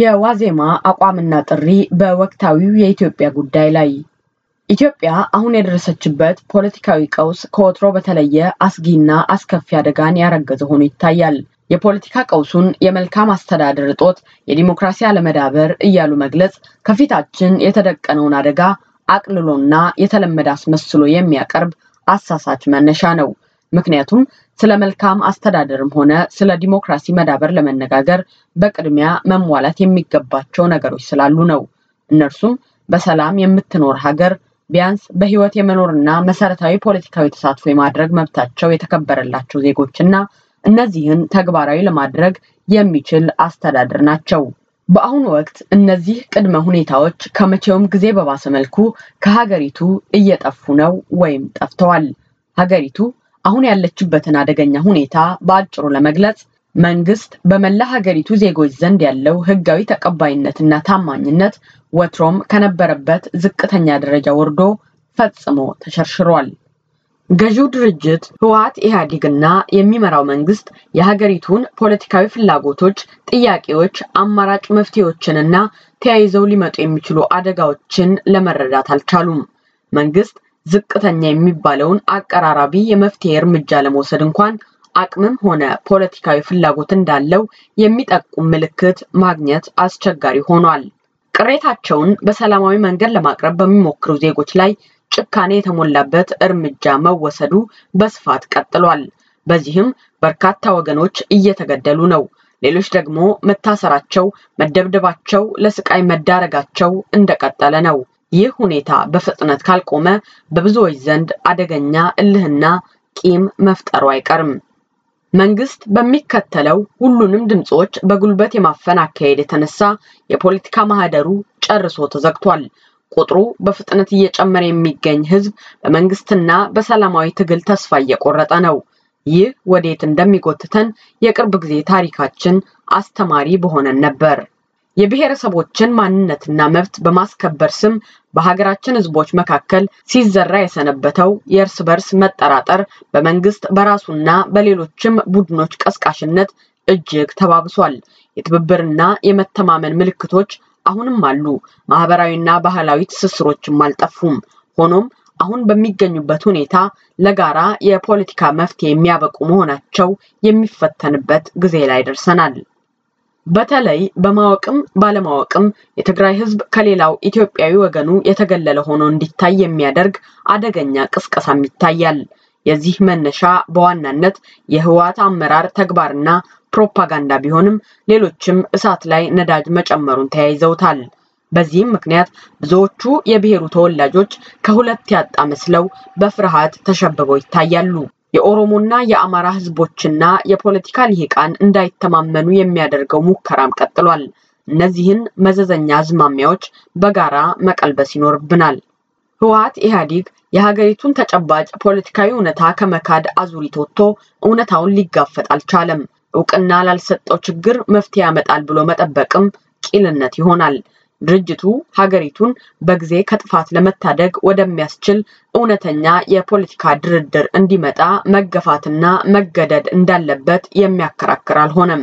የዋዜማ አቋምና ጥሪ በወቅታዊው የኢትዮጵያ ጉዳይ ላይ ኢትዮጵያ አሁን የደረሰችበት ፖለቲካዊ ቀውስ ከወትሮ በተለየ አስጊና አስከፊ አደጋን ያረገዘ ሆኖ ይታያል። የፖለቲካ ቀውሱን የመልካም አስተዳደር እጦት፣ የዲሞክራሲ አለመዳበር እያሉ መግለጽ ከፊታችን የተደቀነውን አደጋ አቅልሎና የተለመደ አስመስሎ የሚያቀርብ አሳሳች መነሻ ነው። ምክንያቱም ስለ መልካም አስተዳደርም ሆነ ስለ ዲሞክራሲ መዳበር ለመነጋገር በቅድሚያ መሟላት የሚገባቸው ነገሮች ስላሉ ነው። እነርሱም በሰላም የምትኖር ሀገር፣ ቢያንስ በህይወት የመኖርና መሰረታዊ ፖለቲካዊ ተሳትፎ የማድረግ መብታቸው የተከበረላቸው ዜጎችና እነዚህን ተግባራዊ ለማድረግ የሚችል አስተዳደር ናቸው። በአሁኑ ወቅት እነዚህ ቅድመ ሁኔታዎች ከመቼውም ጊዜ በባሰ መልኩ ከሀገሪቱ እየጠፉ ነው ወይም ጠፍተዋል። ሀገሪቱ አሁን ያለችበትን አደገኛ ሁኔታ በአጭሩ ለመግለጽ መንግስት በመላ ሀገሪቱ ዜጎች ዘንድ ያለው ህጋዊ ተቀባይነትና ታማኝነት ወትሮም ከነበረበት ዝቅተኛ ደረጃ ወርዶ ፈጽሞ ተሸርሽሯል። ገዢው ድርጅት ህወሓት ኢህአዴግና የሚመራው መንግስት የሀገሪቱን ፖለቲካዊ ፍላጎቶች፣ ጥያቄዎች፣ አማራጭ መፍትሄዎችንና ተያይዘው ሊመጡ የሚችሉ አደጋዎችን ለመረዳት አልቻሉም። መንግስት ዝቅተኛ የሚባለውን አቀራራቢ የመፍትሄ እርምጃ ለመውሰድ እንኳን አቅምም ሆነ ፖለቲካዊ ፍላጎት እንዳለው የሚጠቁም ምልክት ማግኘት አስቸጋሪ ሆኗል። ቅሬታቸውን በሰላማዊ መንገድ ለማቅረብ በሚሞክሩ ዜጎች ላይ ጭካኔ የተሞላበት እርምጃ መወሰዱ በስፋት ቀጥሏል። በዚህም በርካታ ወገኖች እየተገደሉ ነው። ሌሎች ደግሞ መታሰራቸው፣ መደብደባቸው፣ ለስቃይ መዳረጋቸው እንደቀጠለ ነው። ይህ ሁኔታ በፍጥነት ካልቆመ በብዙዎች ዘንድ አደገኛ እልህና ቂም መፍጠሩ አይቀርም። መንግስት በሚከተለው ሁሉንም ድምፆች በጉልበት የማፈን አካሄድ የተነሳ የፖለቲካ ማህደሩ ጨርሶ ተዘግቷል። ቁጥሩ በፍጥነት እየጨመረ የሚገኝ ህዝብ በመንግስትና በሰላማዊ ትግል ተስፋ እየቆረጠ ነው። ይህ ወዴት እንደሚጎትተን የቅርብ ጊዜ ታሪካችን አስተማሪ በሆነን ነበር። የብሔረሰቦችን ማንነትና መብት በማስከበር ስም በሀገራችን ህዝቦች መካከል ሲዘራ የሰነበተው የእርስ በርስ መጠራጠር በመንግስት በራሱና በሌሎችም ቡድኖች ቀስቃሽነት እጅግ ተባብሷል። የትብብርና የመተማመን ምልክቶች አሁንም አሉ። ማህበራዊና ባህላዊ ትስስሮችም አልጠፉም። ሆኖም አሁን በሚገኙበት ሁኔታ ለጋራ የፖለቲካ መፍትሄ የሚያበቁ መሆናቸው የሚፈተንበት ጊዜ ላይ ደርሰናል። በተለይ በማወቅም ባለማወቅም የትግራይ ህዝብ ከሌላው ኢትዮጵያዊ ወገኑ የተገለለ ሆኖ እንዲታይ የሚያደርግ አደገኛ ቅስቀሳም ይታያል። የዚህ መነሻ በዋናነት የህወሓት አመራር ተግባርና ፕሮፓጋንዳ ቢሆንም ሌሎችም እሳት ላይ ነዳጅ መጨመሩን ተያይዘውታል። በዚህም ምክንያት ብዙዎቹ የብሔሩ ተወላጆች ከሁለት ያጣ መስለው በፍርሃት ተሸብበው ይታያሉ። የኦሮሞና የአማራ ህዝቦችና የፖለቲካ ልሂቃን እንዳይተማመኑ የሚያደርገው ሙከራም ቀጥሏል። እነዚህን መዘዘኛ አዝማሚያዎች በጋራ መቀልበስ ይኖርብናል። ህወሀት ኢህአዴግ የሀገሪቱን ተጨባጭ ፖለቲካዊ እውነታ ከመካድ አዙሪት ወጥቶ እውነታውን ሊጋፈጥ አልቻለም። እውቅና ላልሰጠው ችግር መፍትሄ ያመጣል ብሎ መጠበቅም ቂልነት ይሆናል። ድርጅቱ ሀገሪቱን በጊዜ ከጥፋት ለመታደግ ወደሚያስችል እውነተኛ የፖለቲካ ድርድር እንዲመጣ መገፋትና መገደድ እንዳለበት የሚያከራክር አልሆነም።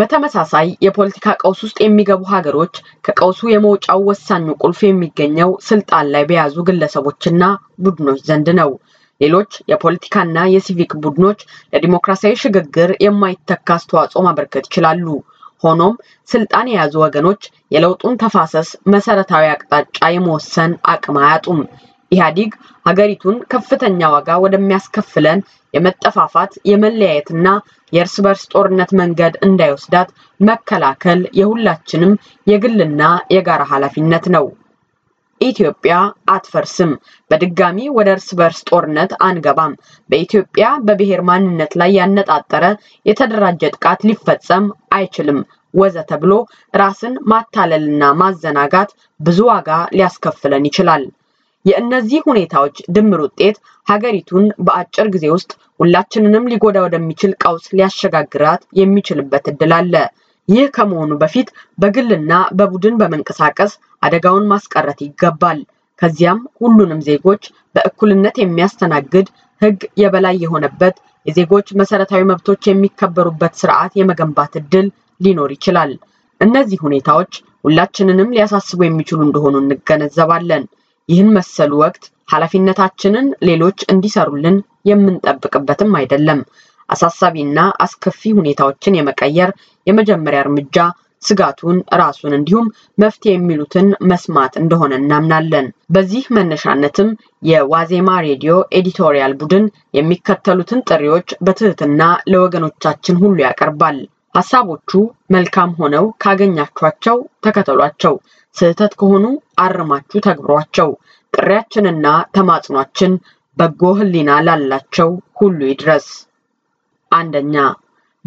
በተመሳሳይ የፖለቲካ ቀውስ ውስጥ የሚገቡ ሀገሮች ከቀውሱ የመውጫው ወሳኙ ቁልፍ የሚገኘው ስልጣን ላይ በያዙ ግለሰቦችና ቡድኖች ዘንድ ነው። ሌሎች የፖለቲካና የሲቪክ ቡድኖች ለዲሞክራሲያዊ ሽግግር የማይተካ አስተዋጽኦ ማበርከት ይችላሉ። ሆኖም ስልጣን የያዙ ወገኖች የለውጡን ተፋሰስ መሰረታዊ አቅጣጫ የመወሰን አቅም አያጡም። ኢህአዲግ ሀገሪቱን ከፍተኛ ዋጋ ወደሚያስከፍለን የመጠፋፋት የመለያየትና የእርስ በርስ ጦርነት መንገድ እንዳይወስዳት መከላከል የሁላችንም የግልና የጋራ ኃላፊነት ነው። ኢትዮጵያ አትፈርስም። በድጋሚ ወደ እርስ በርስ ጦርነት አንገባም። በኢትዮጵያ በብሔር ማንነት ላይ ያነጣጠረ የተደራጀ ጥቃት ሊፈጸም አይችልም። ወዘ ተብሎ ራስን ማታለልና ማዘናጋት ብዙ ዋጋ ሊያስከፍለን ይችላል። የእነዚህ ሁኔታዎች ድምር ውጤት ሀገሪቱን በአጭር ጊዜ ውስጥ ሁላችንንም ሊጎዳ ወደሚችል ቀውስ ሊያሸጋግራት የሚችልበት እድል አለ። ይህ ከመሆኑ በፊት በግልና በቡድን በመንቀሳቀስ አደጋውን ማስቀረት ይገባል። ከዚያም ሁሉንም ዜጎች በእኩልነት የሚያስተናግድ ሕግ የበላይ የሆነበት የዜጎች መሰረታዊ መብቶች የሚከበሩበት ስርዓት የመገንባት እድል ሊኖር ይችላል። እነዚህ ሁኔታዎች ሁላችንንም ሊያሳስቡ የሚችሉ እንደሆኑ እንገነዘባለን። ይህን መሰሉ ወቅት ኃላፊነታችንን ሌሎች እንዲሰሩልን የምንጠብቅበትም አይደለም። አሳሳቢና አስከፊ ሁኔታዎችን የመቀየር የመጀመሪያ እርምጃ ስጋቱን ራሱን እንዲሁም መፍትሄ የሚሉትን መስማት እንደሆነ እናምናለን። በዚህ መነሻነትም የዋዜማ ሬዲዮ ኤዲቶሪያል ቡድን የሚከተሉትን ጥሪዎች በትህትና ለወገኖቻችን ሁሉ ያቀርባል። ሀሳቦቹ መልካም ሆነው ካገኛችኋቸው ተከተሏቸው፣ ስህተት ከሆኑ አርማችሁ ተግብሯቸው። ጥሪያችንና ተማጽኗችን በጎ ሕሊና ላላቸው ሁሉ ይድረስ። አንደኛ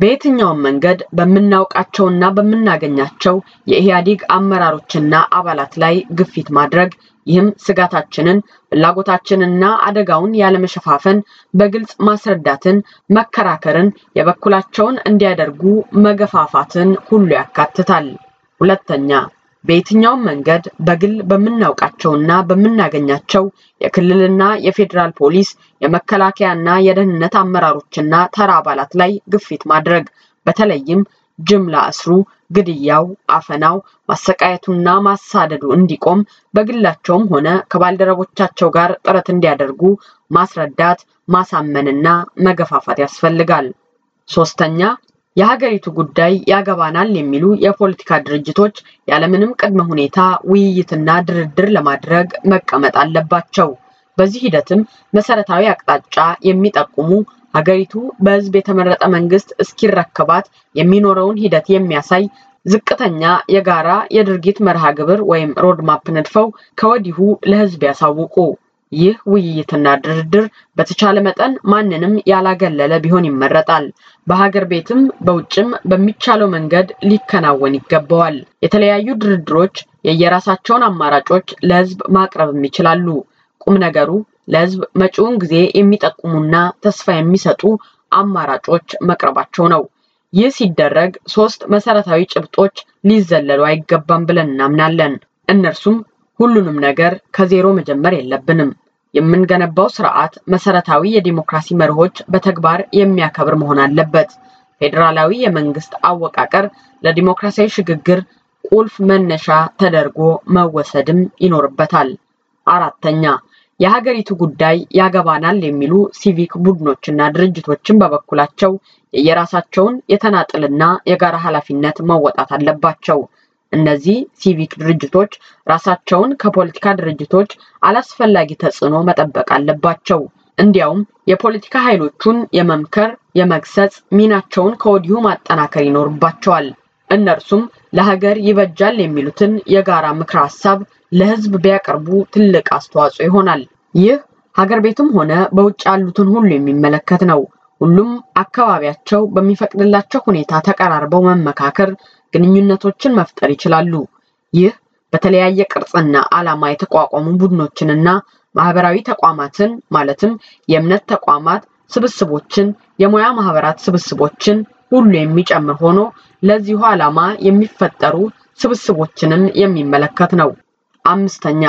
በየትኛውም መንገድ በምናውቃቸውና በምናገኛቸው የኢህአዴግ አመራሮችና አባላት ላይ ግፊት ማድረግ ይህም ስጋታችንን ፍላጎታችንና አደጋውን ያለመሸፋፈን በግልጽ ማስረዳትን፣ መከራከርን፣ የበኩላቸውን እንዲያደርጉ መገፋፋትን ሁሉ ያካትታል። ሁለተኛ በየትኛውም መንገድ በግል በምናውቃቸውና በምናገኛቸው የክልልና የፌዴራል ፖሊስ የመከላከያና የደህንነት አመራሮችና ተራ አባላት ላይ ግፊት ማድረግ በተለይም ጅምላ እስሩ፣ ግድያው፣ አፈናው፣ ማሰቃየቱና ማሳደዱ እንዲቆም በግላቸውም ሆነ ከባልደረቦቻቸው ጋር ጥረት እንዲያደርጉ ማስረዳት፣ ማሳመንና መገፋፋት ያስፈልጋል። ሶስተኛ የሀገሪቱ ጉዳይ ያገባናል የሚሉ የፖለቲካ ድርጅቶች ያለምንም ቅድመ ሁኔታ ውይይትና ድርድር ለማድረግ መቀመጥ አለባቸው። በዚህ ሂደትም መሰረታዊ አቅጣጫ የሚጠቁሙ ሀገሪቱ በህዝብ የተመረጠ መንግስት እስኪረከባት የሚኖረውን ሂደት የሚያሳይ ዝቅተኛ የጋራ የድርጊት መርሃ ግብር ወይም ሮድማፕ ነድፈው ከወዲሁ ለህዝብ ያሳውቁ። ይህ ውይይትና ድርድር በተቻለ መጠን ማንንም ያላገለለ ቢሆን ይመረጣል። በሀገር ቤትም በውጭም በሚቻለው መንገድ ሊከናወን ይገባዋል። የተለያዩ ድርድሮች የየራሳቸውን አማራጮች ለህዝብ ማቅረብም ይችላሉ። ቁም ነገሩ ለህዝብ መጪውን ጊዜ የሚጠቁሙና ተስፋ የሚሰጡ አማራጮች መቅረባቸው ነው። ይህ ሲደረግ ሶስት መሰረታዊ ጭብጦች ሊዘለሉ አይገባም ብለን እናምናለን። እነርሱም ሁሉንም ነገር ከዜሮ መጀመር የለብንም። የምንገነባው ስርዓት መሰረታዊ የዲሞክራሲ መርሆች በተግባር የሚያከብር መሆን አለበት። ፌዴራላዊ የመንግስት አወቃቀር ለዲሞክራሲያዊ ሽግግር ቁልፍ መነሻ ተደርጎ መወሰድም ይኖርበታል። አራተኛ የሀገሪቱ ጉዳይ ያገባናል የሚሉ ሲቪክ ቡድኖችና ድርጅቶችን በበኩላቸው የየራሳቸውን የተናጥልና የጋራ ኃላፊነት መወጣት አለባቸው። እነዚህ ሲቪክ ድርጅቶች ራሳቸውን ከፖለቲካ ድርጅቶች አላስፈላጊ ተጽዕኖ መጠበቅ አለባቸው። እንዲያውም የፖለቲካ ኃይሎቹን የመምከር የመግሰጽ ሚናቸውን ከወዲሁ ማጠናከር ይኖርባቸዋል። እነርሱም ለሀገር ይበጃል የሚሉትን የጋራ ምክረ ሀሳብ ለህዝብ ቢያቀርቡ ትልቅ አስተዋጽኦ ይሆናል። ይህ ሀገር ቤትም ሆነ በውጭ ያሉትን ሁሉ የሚመለከት ነው። ሁሉም አካባቢያቸው በሚፈቅድላቸው ሁኔታ ተቀራርበው መመካከር ግንኙነቶችን መፍጠር ይችላሉ። ይህ በተለያየ ቅርጽና ዓላማ የተቋቋሙ ቡድኖችንና ማህበራዊ ተቋማትን ማለትም የእምነት ተቋማት ስብስቦችን፣ የሙያ ማህበራት ስብስቦችን ሁሉ የሚጨምር ሆኖ ለዚሁ ዓላማ የሚፈጠሩ ስብስቦችንም የሚመለከት ነው። አምስተኛ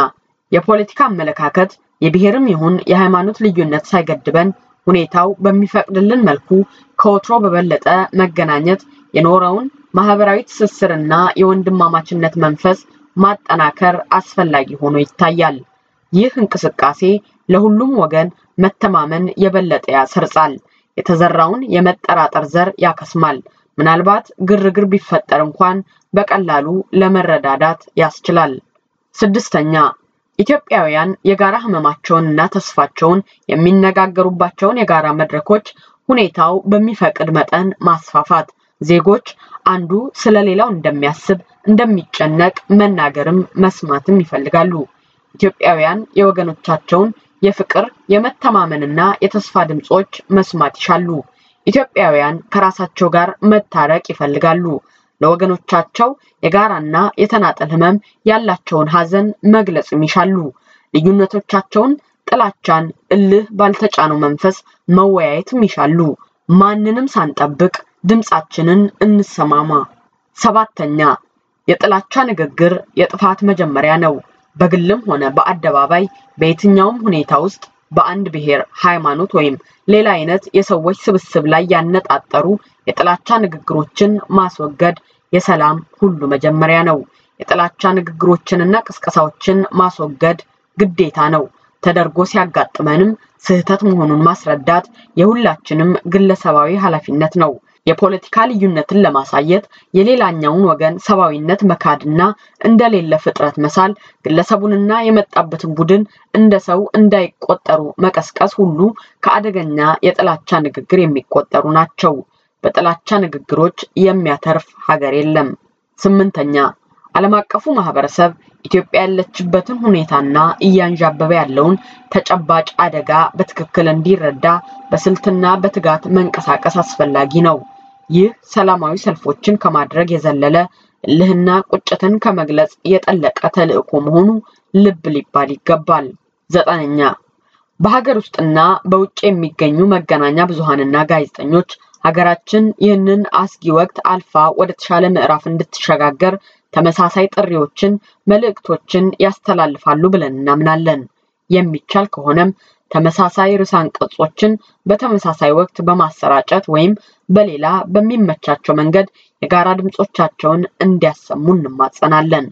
የፖለቲካ አመለካከት የብሔርም ይሁን የሃይማኖት ልዩነት ሳይገድበን ሁኔታው በሚፈቅድልን መልኩ ከወትሮ በበለጠ መገናኘት የኖረውን ማህበራዊ ትስስርና የወንድማማችነት መንፈስ ማጠናከር አስፈላጊ ሆኖ ይታያል። ይህ እንቅስቃሴ ለሁሉም ወገን መተማመን የበለጠ ያሰርጻል፣ የተዘራውን የመጠራጠር ዘር ያከስማል። ምናልባት ግርግር ቢፈጠር እንኳን በቀላሉ ለመረዳዳት ያስችላል። ስድስተኛ ኢትዮጵያውያን የጋራ ህመማቸውንና ተስፋቸውን የሚነጋገሩባቸውን የጋራ መድረኮች ሁኔታው በሚፈቅድ መጠን ማስፋፋት ዜጎች አንዱ ስለሌላው እንደሚያስብ እንደሚጨነቅ መናገርም መስማትም ይፈልጋሉ። ኢትዮጵያውያን የወገኖቻቸውን የፍቅር የመተማመንና የተስፋ ድምጾች መስማት ይሻሉ። ኢትዮጵያውያን ከራሳቸው ጋር መታረቅ ይፈልጋሉ። ለወገኖቻቸው የጋራና የተናጠል ህመም ያላቸውን ሀዘን መግለጽም ይሻሉ። ልዩነቶቻቸውን፣ ጥላቻን፣ እልህ ባልተጫነው መንፈስ መወያየትም ይሻሉ። ማንንም ሳንጠብቅ ድምፃችንን እንሰማማ። ሰባተኛ የጥላቻ ንግግር የጥፋት መጀመሪያ ነው። በግልም ሆነ በአደባባይ በየትኛውም ሁኔታ ውስጥ በአንድ ብሔር፣ ሃይማኖት ወይም ሌላ አይነት የሰዎች ስብስብ ላይ ያነጣጠሩ የጥላቻ ንግግሮችን ማስወገድ የሰላም ሁሉ መጀመሪያ ነው። የጥላቻ ንግግሮችንና ቅስቀሳዎችን ማስወገድ ግዴታ ነው። ተደርጎ ሲያጋጥመንም ስህተት መሆኑን ማስረዳት የሁላችንም ግለሰባዊ ኃላፊነት ነው። የፖለቲካ ልዩነትን ለማሳየት የሌላኛውን ወገን ሰብአዊነት መካድና እንደሌለ ፍጥረት መሳል ግለሰቡንና የመጣበትን ቡድን እንደ ሰው እንዳይቆጠሩ መቀስቀስ ሁሉ ከአደገኛ የጥላቻ ንግግር የሚቆጠሩ ናቸው። በጥላቻ ንግግሮች የሚያተርፍ ሀገር የለም። ስምንተኛ ዓለም አቀፉ ማህበረሰብ ኢትዮጵያ ያለችበትን ሁኔታና እያንዣበበ ያለውን ተጨባጭ አደጋ በትክክል እንዲረዳ በስልትና በትጋት መንቀሳቀስ አስፈላጊ ነው። ይህ ሰላማዊ ሰልፎችን ከማድረግ የዘለለ እልህና ቁጭትን ከመግለጽ የጠለቀ ተልዕኮ መሆኑ ልብ ሊባል ይገባል። ዘጠነኛ በሀገር ውስጥና በውጭ የሚገኙ መገናኛ ብዙሃንና ጋዜጠኞች ሀገራችን ይህንን አስጊ ወቅት አልፋ ወደ ተሻለ ምዕራፍ እንድትሸጋገር ተመሳሳይ ጥሪዎችን፣ መልእክቶችን ያስተላልፋሉ ብለን እናምናለን። የሚቻል ከሆነም ተመሳሳይ ርዕሰ አንቀጾችን በተመሳሳይ ወቅት በማሰራጨት ወይም በሌላ በሚመቻቸው መንገድ የጋራ ድምጾቻቸውን እንዲያሰሙ እንማጸናለን።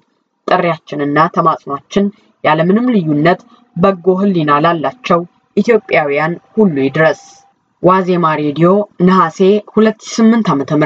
ጥሪያችንና ተማጽኗችን ያለምንም ልዩነት በጎ ሕሊና ላላቸው ኢትዮጵያውያን ሁሉ ይድረስ። ዋዜማ ሬዲዮ ነሐሴ 2008 ዓ.ም